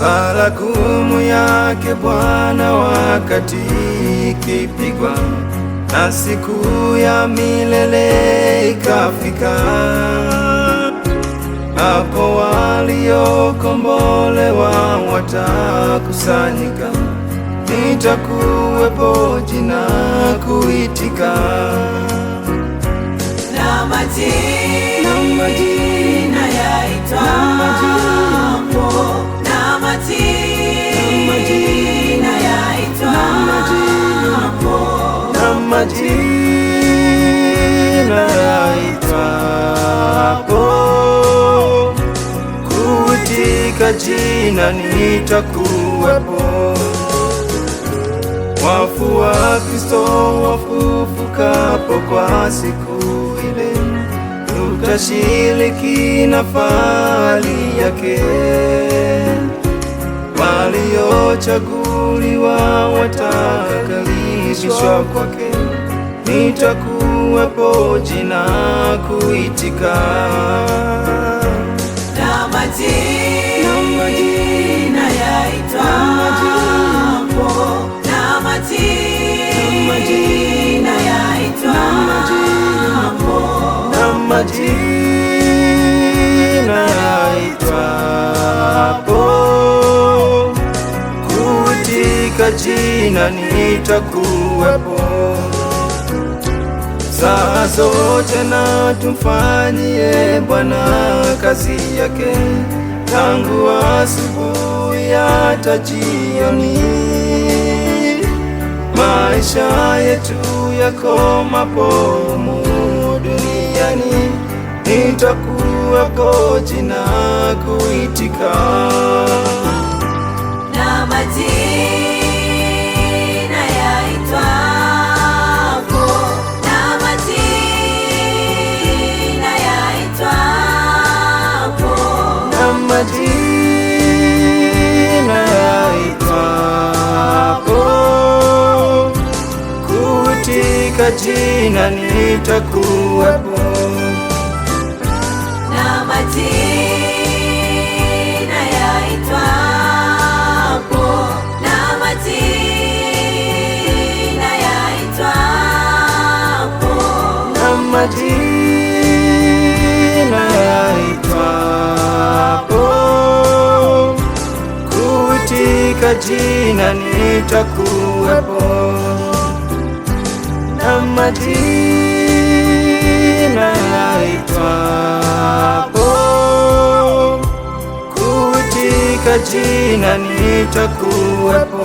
baragumu yake Bwana wakati ikipigwa na siku ya milele ikafika, hapo waliokombolewa watakusanyika, nitakuwepo jina kuitika na maji, na maji majina yaitwapo, kutika jina nitakuwepo. Wafu wa Kristo wafufukapo kwa siku ile, tutashiriki na fahari yake waliochaguliwa watakalishwa kwake, nitakuwepo jina kuitika na majina yaitwapo na majina yaitwapo jina nitakuwepo saa zote, na tumfanyie Bwana kazi yake tangu asubuhi hata jioni. Maisha yetu yakomapo humu duniani, nitakuwepo jina kuitika na maji katika jina nitakuwapo na majina yaitwapo na majina yaitwapo na majina yaitwapo kuitika jina nitakuwapo sina nitakuwepo